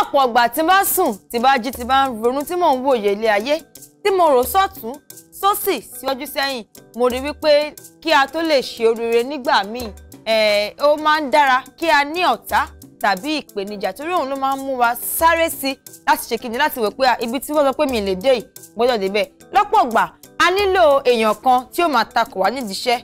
ọ̀pọ̀ ọgbà tí bá sùn tí bá jí tí bá ń ronú tí mò ń wòye ilé ayé tí mo rò sọ́tún sósì síwájú sẹ́yìn mo rí wípé kí a tó lè ṣe oríire nígbà míì ó máa ń dára kí a ní ọ̀tá tàbí ìpèníjà torí òun ló máa ń mú wa sáré sí láti ṣe kíni láti wò pé ibi tí wọ́n sọ pé mi lè dé yìí gbọ́dọ̀ débẹ̀ lọ́pọ̀ ọgbà a nílò èèyàn kan tí ó máa takò wá nídìí iṣẹ́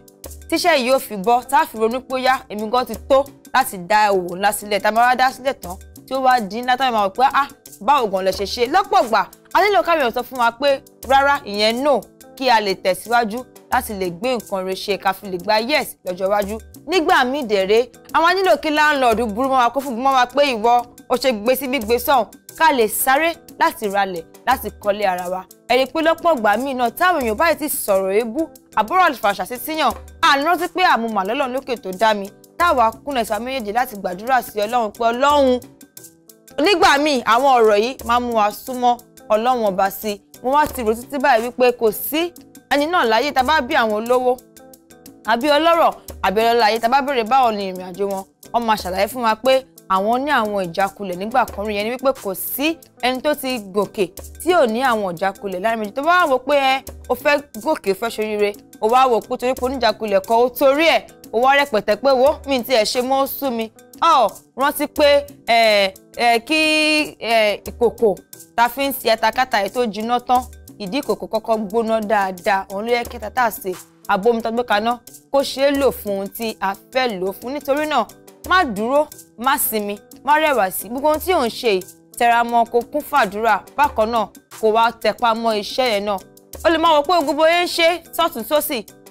tíṣẹ́ yìí ó fi bọ́ tá a fi ronú pé ó yá èmi gan ti tó láti dá òwò ńlá tá a máa wá dá sílẹ̀ tán tí ó wá di ńlá táwọn máa wọ̀ pé ah báwo gan lẹ ṣe ṣe lọ́pọ̀ gbà a nílò káwọn sọ fún wa pé rárá ìyẹn no kí a lè tẹ̀síwájú láti lè gbé nǹkan rẹ̀ ṣe ká fi lè gba yes lọ́jọ́ iwájú nígbà míì dẹ̀rẹ́ àwọn nílò kí láńlọ́ọ̀dù burú mọ́ wa kó fún gbọ́n wa pé ìwọ ó ṣe gbé sí gbígbé sọ̀hún ká lè sáré láti ralẹ̀ láti kọ́lé ara wa ẹ̀rí pé lọ́pọ̀ ìgbà míì náà táwọn èèyàn báyìí ti sọ̀rọ̀ ebú àbúrò àlùfàṣà sí síyàn àní rántí pé àmúmọ̀ lọ́lọ́run lókè tó dá mi táwa kúnlẹ̀ sàmúyèjì láti gbàdúrà sí ọlọ́run pé ọlọ́run nígbà míì àwọn ọ̀rọ̀ yìí máa mú wa súnmọ́ ọlọ́run ọba sí i mo wá ti rò títí báyìí wípé kò sí ẹni náà láyé tá a bá bí àwọn olówó àbí ọlọ́rọ̀ àbí ọlọ́lá ayé tá a bá béèrè báwo ni ìrìn àjò wọn wọ́n máa ṣàlàyé fún wa pé àwọn ní àwọn ìjákulẹ̀ nígbà kan rí yẹn ni wípé kò sí ẹni tó ti gòkè tí ò ní àwọn ìjákulẹ̀ láàrin méjì tó bá wò pé ẹ o fẹ́ gòkè o fẹ́ ṣoríire o wá wò pé torí pé oníjàkulẹ̀ kan o torí ẹ̀ ó wá rẹpẹtẹ pé wo mi ti ẹ̀ ṣe mọ́ ó sú mi ọ rántí pé kí ìkòkò ta fi ń ṣe ẹ̀takátà ètò jiná tán ìdí ìkòkò kọ́kọ́ gbóná dáadáa òun ló yẹ kí tata se abo tó gbé kaná kó ṣeé lò lo ohun tí a fẹ́ lò fún nítorí náà má dúró má sinmi má rẹ̀wà sí gbogbo ohun tí òun ṣe tẹramọ́ kó kún fàdúrà bákan náà kó wá tẹpá mọ́ iṣẹ́ yẹn o lè máa wò pé gbogbo yẹn ń ṣe sọ́tún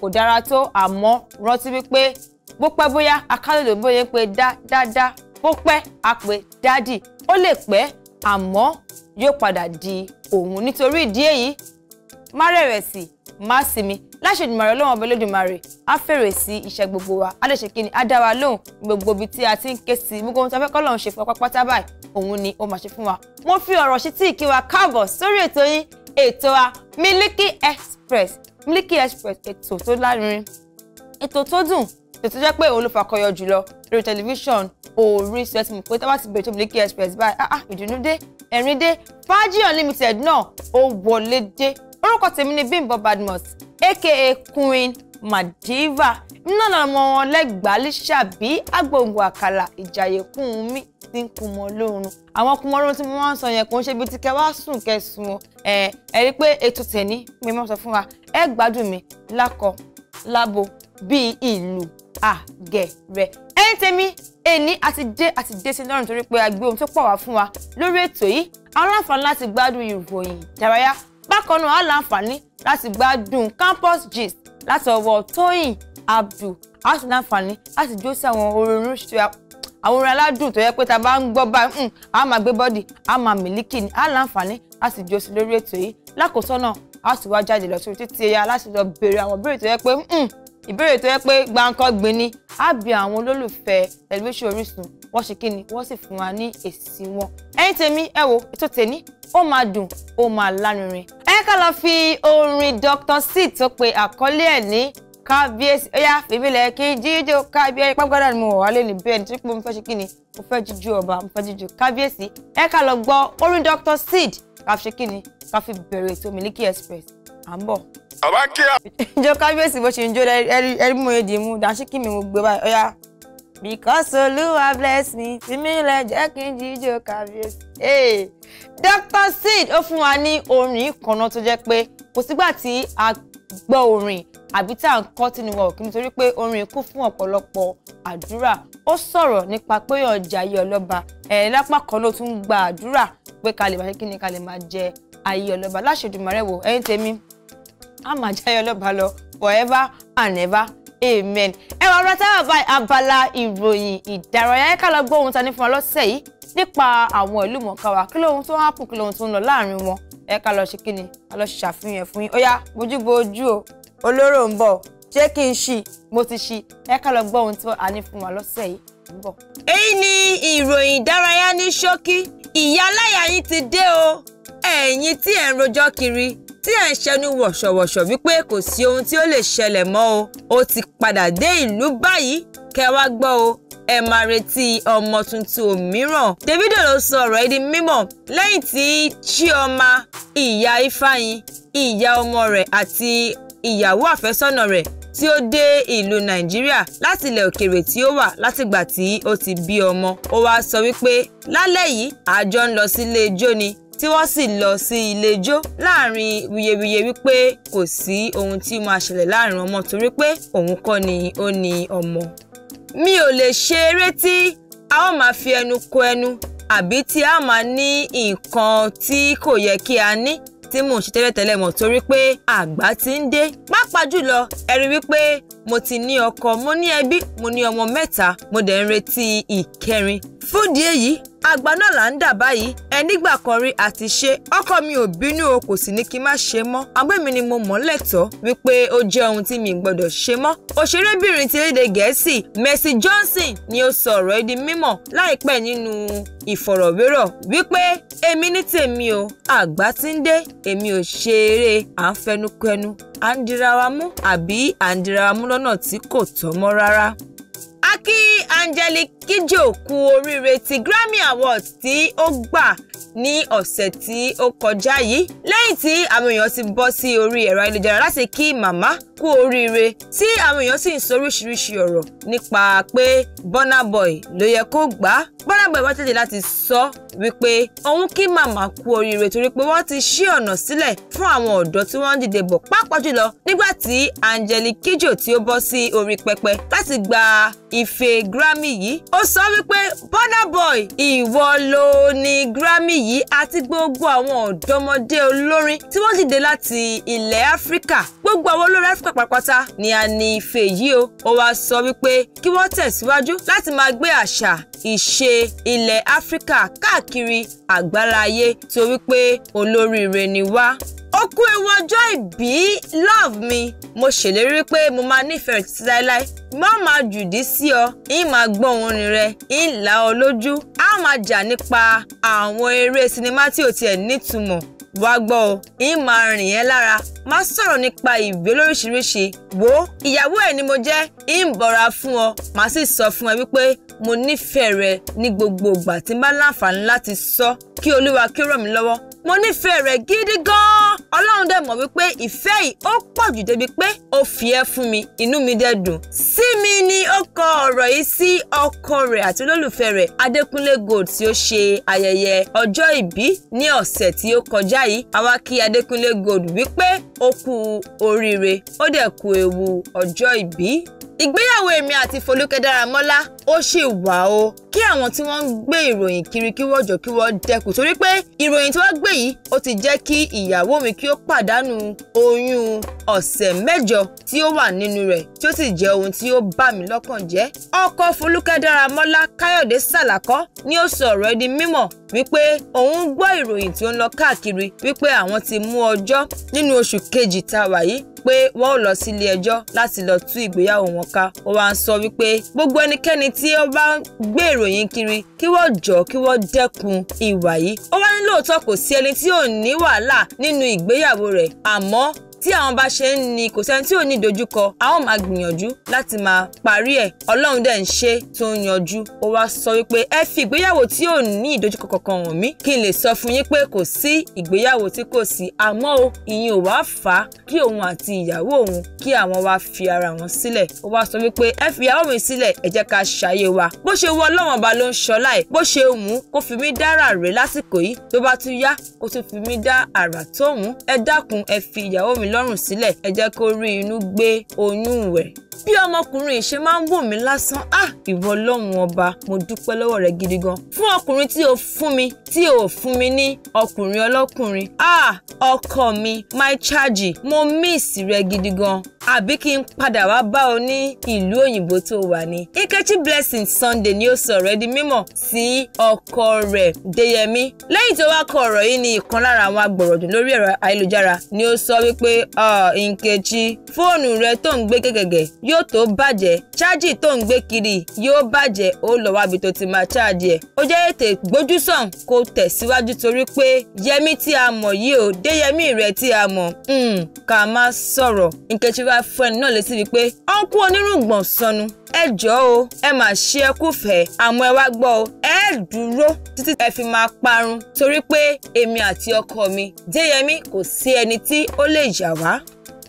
kò dára tó àmọ́ rántí wípé bó pẹ́ bóyá akálòdò bóyá pé dá dáadáa bó pẹ́ á pé dádì ó lè pẹ́ àmọ́ yóò padà di òun nítorí ìdí èyí má rẹ̀wẹ̀sì má sinmi láṣẹ̀dùmarè ọlọ́run ọbẹ̀ lódùmarè á fèrè sí iṣẹ́ gbogbo wa á lè ṣe kí ni á dá wa lóhùn gbogbo ibi tí a ti ń ké sí gbogbo ohun tí a fẹ́ kọ́ lọ́run ṣe fún wa pátá báyìí òun ni ó máa ṣe fún wa. mo fi ọ̀rọ̀ sí tí ìkí wa káàbọ̀ sórí ètò yín ètò wa Miliki Express Miliki Express ètò tó lárinrin ètò tó dùn ètò tó jẹ́ pé òun ló fàkọyọ jùlọ lórí tẹlifíṣàn Orísun ẹtì mọ̀ pé tá bá ti bèrè tó Miliki Express báyìí ah ah ìdùnnú dé ẹ̀rín dé Fàájì Unlimited náà ó wọlé dé orúkọ tèmi ni Bímbọ́ Badmus aka Queen Madiva náà lọ́mọ wọn lẹ́gbàá lẹ́ṣàbí agbóhùn àkàlà ìjàyè kún un mí tí ń kun mọ lóorun mo máa ń sọ yẹn kò ń ṣe ibi tí kẹ wá sùn kẹsùn o ẹ ẹ rí i mi máa ń sọ wa ẹ gbádùn mi lákọ lábo bíi ìlú àgẹ̀rẹ̀ ẹ̀yin tèmi èní àti dé àti dé sí lọ́rùn torí pé a gbé ohun tó pọ̀ wá fún wa lórí ètò yìí àwọn láǹfààní láti gbádùn ìròyìn ìdárayá bákan náà àwọn láǹfààní láti campus gist láti ọwọ́ Tóyìn abdul a sì láǹfààní a sì jó sí àwọn orin oríṣiríṣi àwọn orin aládùn tó yẹ pé ta bá ń gbọ́ báyìí hmm, a máa gbé bọ́dì a máa mìlíkì ní a láǹfààní a sì jó sí lórí ètò yìí lákòóso náà a sì wá jáde lọ sórí títí ẹ̀yà láti lọ béèrè àwọn ìbéèrè tó yẹ pé hmm, ìbéèrè tó yẹ pé gbáǹkọ́ gbin ni á bi àwọn olólùfẹ́ tẹlifíṣàn Orísun wọ́n ṣe kí ni wọ́n sì fún wa ní èsì wọn. ẹ̀yin tèmi ẹ wo ètò tèmi ó máa dùn ó máa lárinrin. ẹ ká lọ fi orin Dr. C tó pe àkọlé ẹ̀ ní kábíyèsí ó yá fèmí lẹ kí jíjó kábíyèsí pápákọ̀dá ni mo wà wálé lè bẹ́ẹ̀ nítorí pé mo fẹ́ ṣe kí ni mo fẹ́ jíjó ọba mo fẹ́ jíjó kábíyèsí ẹ ká lọ gbọ́ orin Dr Seed ká fi ṣe kí ni ká fi bẹ̀rẹ̀ ètò Miliki Express à ń bọ̀. bàbá kí a. ìjọ kábíyèsí bó ṣe ń jó ẹrí mú èdè mú dàṣí kí mi mo gbé báyìí ó yá. because olúwa bless me fèmí lẹ jẹ́ kí n jíjó kábíyèsí. Dr Seed ó fún wa ní orin kan náà tó jẹ́ pé kò sígbà tí a gbọ́ orin àbí tá à ń kọ́ tí ni wọn ò kí nítorí pé orin kún fún ọ̀pọ̀lọpọ̀ àdúrà ó sọ̀rọ̀ nípa pé ọjà ayé ọlọ́ba ẹ̀ lápá kan ló tún gba àdúrà pé ká lè máa ṣe kí ni ká lè máa jẹ ayé ọlọ́ba láṣẹ̀dùmarẹ̀ wò ẹ̀yin tèmi á máa jẹ ayé ọlọ́ba lọ forever and ever amen. ẹ wà rọta bàbá abala ìròyìn ìdárayá ká lọ gbọ́ ohun ta ní fún wa lọ́sẹ̀ yìí nípa àwọn ìlú mọ̀ọ́ká kí lóhun tó ń kí lóhun tó ń lọ láàrin wọn ẹ ká lọ ṣe kí ni ká lọ ṣàfihàn fún yín ó yá bójúbójú o olóró ń bọ̀ ṣé kí n ṣí mo ti ṣí ẹ ká lọ gbọ́ ohun tí a ní fún wa lọ́sẹ̀ yìí ń bọ̀. èyí ni ìròyìn ìdárayá ní ṣókí ìyá aláya yín ti dé o ẹ̀yin tí ẹ̀ ń rojọ́ kiri tí ẹ̀ ń ṣẹnu wọ̀ṣọ̀wọ̀ṣọ̀ wípé kò sí ohun tí ó lè ṣẹlẹ̀ mọ́ o ó ti padà dé ìlú báyìí kẹ́ wá gbọ́ o ẹ máa retí ọmọ tuntun òmíràn Davido ló sọ ọ̀rọ̀ yìí mímọ̀ lẹ́yìn tí Chioma ìyá Ifeanyi ìyá ọmọ rẹ̀ àti ìyàwó àfẹ́sọ́nà rẹ̀ tí ó dé ìlú nàìjíríà láti ilẹ̀ òkèrè tí ó wà látìgbà tí ó ti bí ọmọ ó wáá sọ wípé lálẹ́ yìí àjọ ń lọ sílé ijó ni tí wọ́n sì lọ sí ilé ijó láàrin wuyewuye wípé kò sí ohun tí máa ṣẹlẹ̀ láàrin ọmọ torí pé òun kọ́ ni ó ní ọmọ. mi ò lè ṣe eré tí a ó máa fi ẹnu kò ẹnu àbí tí a máa ní nǹkan tí kò yẹ kí a ní tí mò ń ṣe tẹ́lẹ̀tẹ́lẹ̀ mọ̀ torí pé àgbà ti ń dé pàápàá jùlọ ẹ rí wípé mo ti ní ọkọ mo ní ẹbí mo ní ọmọ mẹ́ta mo dẹ̀ ń retí ìkẹrin fúdìí èyí àgbà náà là ń dà báyìí ẹ nígbà kan rí àti ṣe ọkọ mi ò bínú o kò sì ní kí n má ṣe mọ́ agbẹ́mi ni mo mọ̀ lẹ́tọ̀ọ́ wípé ó jẹ́ ohun tí mi gbọ́dọ̀ ṣe mọ́ òṣèrébìnrin ti lédè gẹ̀ẹ́sì Mercy Johnson ni ó sọ ọ̀rọ̀ ẹ di mímọ̀ nínú ìfọ̀rọ̀wérọ̀ wípé èmi ní tèmi o àgbà ti ń dé èmi ò ṣe eré à ń fẹnukẹnu à ń dirawa mú àbí à ń dirawa mú lọ́nà tí kò tọ́ rárá kí Angelique Kidjo kú oríire ti Grammy Awards tí ó gbà ní ọ̀sẹ̀ tí ó kọjá yìí lẹ́yìn tí àwọn èèyàn ti bọ́ sí orí ẹ̀rọ ayélujára láti kí màmá kú oríire tí àwọn èèyàn sì ń sọ oríṣiríṣi ọ̀rọ̀ nípa pé Burna Boy ló yẹ kó gbà á Burna Boy wá tètè láti sọ wípé òun kí màmá kú oríire torí pé wọ́n ti ṣí ọ̀nà sílẹ̀ fún àwọn ọ̀dọ́ tí wọ́n ń dìde bọ̀ pàápàá jùlọ nígbà tí Angelique Kidjo tí ó bọ́ sí orí pẹpẹ láti gba if ife Grammy yìí ó sọ wípé Burna Boy ìwọ ló ní Grammy yìí àti gbogbo àwọn ọ̀dọ́mọdé olórin tí wọ́n dìde láti ilẹ̀ Áfíríkà gbogbo àwọn olórin Áfíríkà pàpàtà ni a ní ife yìí o ó wá sọ wípé kí wọ́n tẹ̀síwájú láti máa gbé àṣà ìṣe ilẹ̀ Áfíríkà káàkiri àgbáláyé torí pé olóríire ni wá ó kú ewu ọjọ́ ìbí love mi mo ṣèlérí pé mo máa nífẹ̀ẹ́ títí láéláé má máa jùdí sí ọ ń máa gbọ́ orin rẹ ń là ọ lójú á máa jà nípa àwọn eré sinimá tí ò tiẹ̀ nítumọ̀ wá gbọ́ ọ ń máa rìn ẹ́ lára máa sọ̀rọ̀ nípa ìwé lóríṣiríṣi wo ìyàwó ẹ̀ ni mo jẹ́ ń bọ̀ra fún ọ màá sì sọ fún ẹ wípé mo nífẹ̀ẹ́ rẹ ní gbogbo ìgbà tí n bá láǹfààní láti sọ kí olúwa kí ràn mí lọ́wọ́ mo nífẹ̀ẹ́ rẹ gidi gan ọlọ́run dẹ̀ mọ̀ wípé ìfẹ́ yìí ó pọ̀ jù débi pé ó fi ẹ́ fún mi inú mi dẹ̀ dùn. sími ni ó kọ ọ̀rọ̀ yìí sí ọkọ rẹ̀ àti olólùfẹ́ rẹ̀ adékúnlé gold tí ó ṣe ayẹyẹ ọjọ́ ìbí ní ọ̀sẹ̀ tí ó kọjá yìí àwa kí adékúnlé gold wípé ó kú oríire ó dẹ̀ kú ewu ọjọ́ ìbí ìgbéyàwó èmi àti Fọlúkẹ́ Dáramọ́lá ó ṣì wà o kí àwọn tí wọ́n ń gbé ìròyìn kiri kí wọ́n jọ kí wọ́n dẹ́kun torí pé ìròyìn tí wọ́n gbé yìí ó ti jẹ́ kí ìyàwó mi kí ó pàdánù oyún ọ̀sẹ̀ mẹ́jọ tí ó wà nínú rẹ̀ tí ó sì jẹ́ ohun tí ó bà mí lọ́kàn jẹ́ ọkọ Fọlúkẹ́ Dáramọ́lá Káyọ̀dé Sàlàkọ́ ni ó sọ ọ̀rọ̀ di mímọ̀ wípé òun gbọ́ ìròyìn tí ó ń lọ káàkiri wípé àwọn ti mú ọjọ́ nínú oṣù kejì tá a wà yìí pé wọ́n ò lọ sí ilé ẹjọ́ láti lọ tú ìgbéyàwó wọn ká ó wá ń sọ wípé gbogbo ẹnikẹ́ni tí ó bá gbé ìròyìn kiri kí wọ́n jọ kí wọ́n dẹ́kun ìwà yìí ó wá ní lóòótọ́ kò sí ẹni tí ò ní wàhálà nínú ìgbéyàwó rẹ̀ àmọ́ tí àwọn bá ṣe ń ni kò sẹ́ni tí ò ní ìdojúkọ a ó máa gbìyànjú láti máa parí ẹ̀ ọlọ́run dẹ̀ ń ṣe tó ń yanjú ó wá sọ wípé ẹ fi ìgbéyàwó tí ò ní ìdojúkọ kankan hàn mí kí n lè sọ fún yín pé kò sí ìgbéyàwó tí kò sí àmọ́ o ìyìn ò wá fà á kí òun àti ìyàwó òun kí àwọn wá fi ara wọn sílẹ̀ ó wá sọ wípé ẹ fi ìyàwó mi sílẹ̀ ẹ jẹ́ ká ṣàyè wa bó ṣe wọ ọlọ́run ọba ló ń ṣọlá ẹ̀ bó ṣe wù kó fi mí dára rè lásìkò yìí tó bá tún yá kó tún fi mí dá àrà tó wù ẹ dákun ẹ fi ìyàwó mi mi lọ́rùn sílẹ̀ ẹ jẹ́ kó rí inú gbé oyún wẹ̀ bí ọmọkùnrin ìṣe máa ń wò mí lásán ah ìwọ ọlọ́run ọba mo dúpẹ́ lọ́wọ́ rẹ gidi gan fún ọkùnrin tí o fún mi tí o fún mi ní ọkùnrin ọlọ́kùnrin ah ọkọ mi my charge mo miss rẹ gidi gan àbí kí n padà wá bá ọ ní ìlú òyìnbó tó wà ní. Nkechi Blessing Sunday ni ó sọ̀rọ̀ ẹ́ di mímọ̀ sí ọkọ rẹ̀ Deyemi lẹ́yìn tó wá kọ ọ̀rọ̀ yìí ni ìkan lára àwọn agbọ̀rọ̀dùn lórí ẹ̀rọ ayélujára ni ó sọ wípé Nkechi uh, fóònù rẹ tó ń gbé gẹ́gẹ́gẹ́ yóò tó bàjẹ́ ṣáàjì tó ń gbé kiri yóò bàjẹ́ ó lọ wábi tó ti máa ṣáàjì ẹ̀ ó jẹ́ ètè gbójúsàn kó tẹ̀síwájú torí pé yẹmí tí a mọ̀ yìí ò dé yẹmí rẹ tí a mọ̀ hmm, ká má sọ̀rọ̀ Nkechi wá fún ẹni náà létí wípé ọ̀nkú onírùngbọ̀n sọnù ẹ jọ̀ọ́ o ẹ mà ṣe ẹ kúfẹ̀ẹ́ àmọ́ ẹ wá gbọ́ o ẹ dúró títí ẹ fi máa parun torí pé èmi àti ọkọ mi Déyẹmí kò sí ẹni tí ó lè yà wá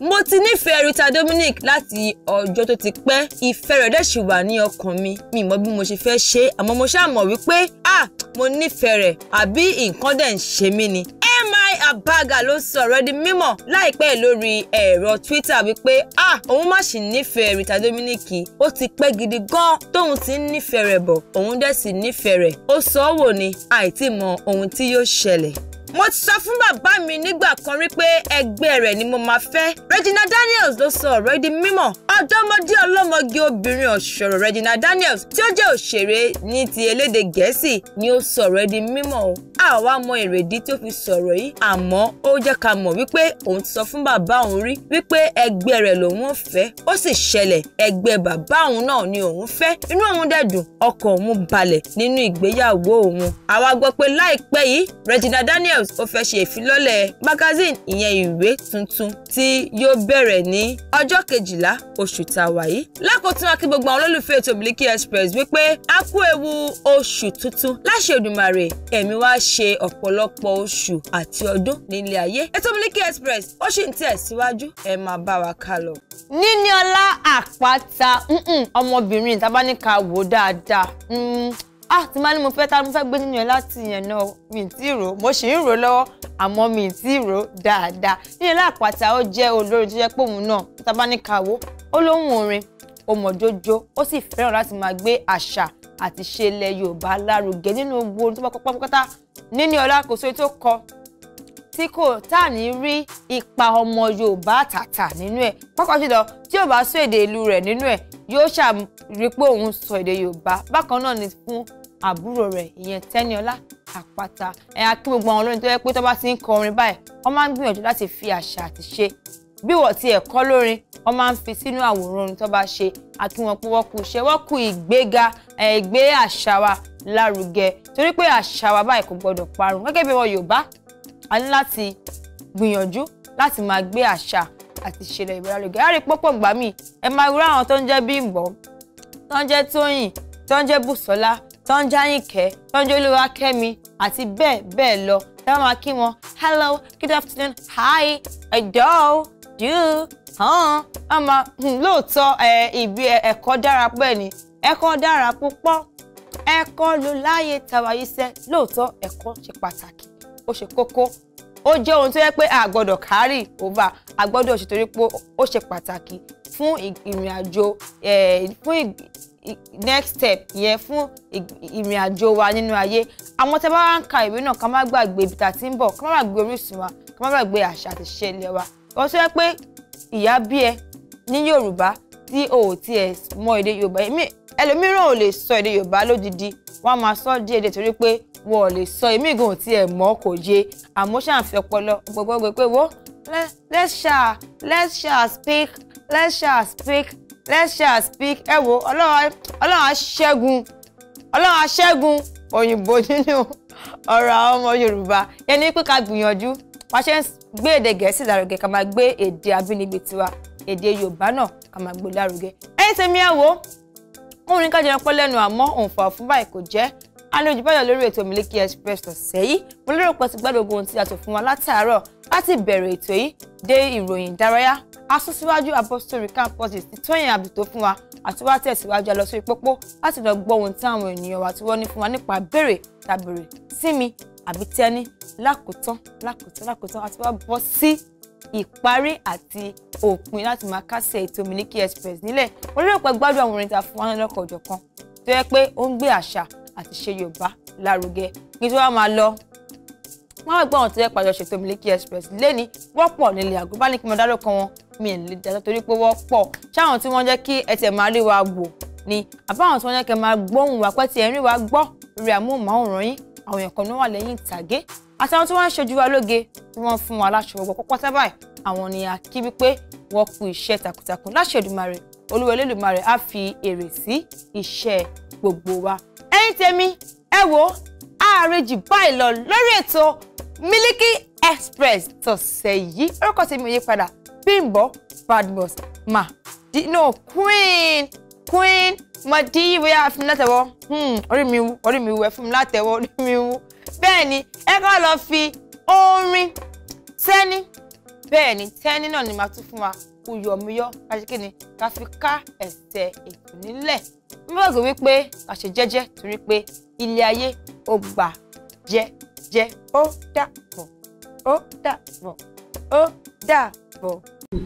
mo ti nífẹ̀ẹ́ Rita Dominic láti ọjọ́ tó ti pẹ́ ìfẹ́ rẹ̀ dẹ̀ ṣì wà ní ọkàn mi mi mọ̀ bí mo ṣe fẹ́ ṣe àmọ́ mo ṣáà mọ̀ wípé ah mo nífẹ̀ẹ́ rẹ̀ àbí nǹkan dẹ̀ ń ṣe mí ni. mi abaga ló sọ̀rọ̀ di mímọ̀ láìpẹ́ lórí ẹ̀rọ Twitter wípé ah òun má sì nífẹ̀ẹ́ Rita Dominic ó ti pẹ́ gidi gan tóun ti ń nífẹ̀ẹ́ rẹ̀ bọ̀ òun dẹ̀ sì nífẹ̀ẹ́ rẹ̀ ó sọ ọ́ wò ni àìtí mọ ohun tí yóò ṣẹlẹ̀ mo ti sọ fún bàbá mi nígbà kan rí pé ẹgbẹ́ rẹ̀ ni mo máa fẹ́ Regina Daniels ló sọ ọ̀rọ̀ di mímọ̀ ọ̀dọ́mọdé ọlọ́mọge obìnrin ọ̀ṣọ̀rọ̀ Regina Daniels tí ó jẹ́ òṣèré ní ti elédè gẹ̀ẹ́sì ni ó sọ ọ̀rọ̀ di mímọ̀ o àwa mọ èrèdí tí ó fi sọ̀rọ̀ yìí àmọ́ ó jẹ́ ká mọ̀ wípé òun ti sọ fún bàbá òun rí wípé ẹgbẹ́ rẹ̀ lòun ò fẹ́ ó sì ṣẹlẹ̀ ẹgbẹ́ bàbá òun náà ni òun fẹ́ inú òun dẹ̀ dùn ọkàn òun balẹ̀ nínú ìgbéyàwó òun àwa gbọ́ pé láìpẹ́ yìí Regina Daniels Jones ó fẹ́ ṣe ìfilọ́lẹ̀ magazine ìyẹn ìwé tuntun tí yóò bẹ̀rẹ̀ ní ọjọ́ kejìlá oṣù tá a wà yìí. lákòótún akí gbogbo àwọn olólùfẹ́ ètò Miliki Express wípé a kú ewu oṣù tuntun láṣẹ Èdùmàrè ẹ̀mí wá ṣe ọ̀pọ̀lọpọ̀ oṣù àti ọdún nílé ayé. ètò Miliki Express ó sì ń tẹ̀síwájú ẹ máa bá wa ká lọ. Níníọlá Àpáta ọmọbìnrin ìtabáníkà wò dáadáa mm, ah ti máa ní mo fẹ́ ta mo fẹ́ gbé nínú ẹ láti yẹn náà mi ì tí ì rò mo sì ń rò lọ́wọ́ àmọ́ mi ì tí ì rò dáadáa nílẹ̀ lápàtà ó jẹ́ olórin tó jẹ́ pòun náà tá a bá ní kàwó ó lóhùn orin ó mọ̀ jójó ó sì fẹ́ràn láti máa gbé àṣà àti ṣe ilẹ̀ Yorùbá lárugẹ nínú gbogbo ohun tó bá kọ pátápátá níní ọlá kò sóri tó kọ tí kò tá ní rí ipa ọmọ Yorùbá tàtà nínú ẹ pàápàá jùlọ tí yóò bá sọ èdè ìlú rẹ̀ nínú ẹ yóò ṣàrí pé òun sọ èdè Yorùbá bákan náà ni fún àbúrò rẹ̀ ìyẹn Tẹ́niọlá Àpáta ẹ̀ akí gbogbo àwọn olórin tó yẹ pé tó ti ń kọ báyìí wọ́n máa ń gbìyànjú láti fi àṣà àti ṣe bí wọ́n ti ẹ̀ lórin wọ́n máa ń fi sínú àwòrán orin tó ṣe àti wọn pé wọ́n kú ṣe wọ́n kú ìgbéga ẹ̀gbé àṣà wa lárugẹ torí pé àṣà wa báyìí kò gbọdọ̀ parun gẹ́gẹ́ bí wọn Yorùbá a ní láti gbìyànjú láti máa gbé àṣà àti ìṣẹ̀lẹ̀ ìbẹ̀rẹ̀ lóge á rí gbà mí ẹ máa wúrà àwọn tó ń jẹ́ Bímbọ́ tó ń jẹ́ Tóyìn tó ń jẹ́ Bùsọ́lá tọ́njáyìnkẹ́ tọ́njọ́lúwakẹ́mi àti bẹ́ẹ̀ bẹ́ẹ̀ lọ ẹ máa kí wọn hello good afternoon hi ẹ̀dọ́ do hàn án máa hmm, lóòótọ́ ìbí ẹ̀kọ́ dára pẹ́ ni ẹ̀kọ́ dára púpọ̀ ẹ̀kọ́ ló láàyè tàwa yìí sẹ́ lóòótọ́ ẹ̀kọ́ ṣe pàtàkì ó ṣe kókó ó jẹ́ ohun tó yẹ pé a gbọ́dọ̀ kárì òbá a gbọ́dọ̀ ṣètò rí pé ó ṣe pàtàkì fún ìrìn àjò fún next step yẹn fún ìrìn àjò wa nínú ayé àwọn tẹ́ bá wá ń ka ìwé náà ká má gbàgbé ibi tá a ti ń bọ̀ ká má gbàgbé orísun wa ká má gbàgbé àṣà àti ìṣe ilẹ̀ wa wọ́n sọ pé ìyá bí ẹ ní Yorùbá tí o ò tiẹ̀ mọ èdè Yorùbá ẹlòmíràn ò lè sọ èdè Yorùbá lódidi wọ́n á máa sọ díẹ̀ díẹ̀ torí pé wọn ò lè sọ èmi gan tí ẹ mọ̀ kò yé àmọ́ ṣáà fi ọpọlọ gbogbogbò pé wo let's ṣáà let's ṣáà speak let's ṣáà speak let's shall speak ẹ wo ọlọ́run aṣẹ́gun ọlọ́run aṣẹ́gun òyìnbó nínú ọ̀rọ̀ àwọn ọmọ yorùbá yẹn ní pé ká gbìyànjú wá ṣe ń gbé èdè gẹ̀ẹ́sì lárugẹ ká máa gbé èdè abínibí tiwa èdè yorùbá náà ká máa gbé lárugẹ ẹ̀yin tèmi ẹ wo òun ní ká jẹun pẹ́ lẹ́nu àmọ́ òǹfà fún báyìí kò jẹ́ alójú báyọ̀ lórí ètò Miliki Express ọ̀sẹ̀ yìí mo lérò pé ti gbádùn ogun ohun tí a tò fún wa látàárọ̀ láti bẹ̀rẹ̀ ètò yìí dé ìròyìn ìdárayá asúnsíwájú apostolic campuses ti tóyìn àbùtó fún wa àti wá tẹ̀síwájú lọ sórí pópó láti lọ gbọ́ ohun tí àwọn ènìyàn wa tí wọ́n ní fún wa nípa béèrè tàbèrè sími àbí tẹ́ni lákòótán lákòótán lákòótán àti wá bọ́ sí ìparí àti òpin láti máa kásẹ̀ ètò Miliki Express nílẹ̀ mo lérò pé gbádùn àwọn orin ta fún wọn lọ́kọ̀ ọ̀jọ̀kan tó yẹ pé ó ń gbé àṣà àti ṣe Yorùbá lárugẹ kí n tó wá máa lọ wọn wá gbọ́ àwọn tó yẹ pàjọ ṣètò Miliki Express lẹ́ni wọ́pọ̀ nílẹ̀ àgùnbánikí mo dárò kan wọn mi ẹ̀ lè dájọ́ torí pé wọ́n pọ̀ ṣáwọn tí wọ́n jẹ́ kí ẹ tẹ̀ máa rí wa wò ni àbáwọn tí wọ́n jẹ́ kẹ́ máa gbóhùn wa pẹ́ tí ẹ̀ ń rí wa gbọ́ lórí àmóhùnmáwòrán yín àwọn èèyàn kan ní wà lẹ́yìn ìtàgé àtàwọn tí wọ́n ń ṣojú wa lóge tí wọ́n fún wa láṣọ gbogbo pátá báyìí àwọn ni a kí wípé wọ́n kú iṣẹ́ takuntakun láṣẹ Èdùmàrè Olúwa Elédùmarè á fi èrè sí iṣẹ́ gbogbo wa. ẹ̀yin tèmi ẹ wo àárẹ̀jì báyìí lọ lórí ètò Miliki Express tọ̀sẹ̀ yìí orúkọ tèmi ò yí padà Bimbo, Badmus, Ma, di, no, Queen, Queen, Madi, bóyá fún látẹ̀wọ́, hmm, orí mi wú, orí mi wú, ẹ fún mi látẹ̀wọ́, orí mi wú. Bẹ́ẹ̀ ni, ẹ ká lọ fi orin tẹ́ni, bẹ́ẹ̀ ni, tẹ́ni náà ni màá tún fún wa, uyọ̀muyọ̀, kàṣíkìnì, ká fi ká ẹsẹ̀ mo, nílẹ̀. Mo bá gbé wípé àṣẹ jẹ́jẹ́ torí pé ilé ayé ó gbà jẹ́jẹ́ ó dàbọ̀ ó dàbọ̀ ó dàbọ̀. 뭐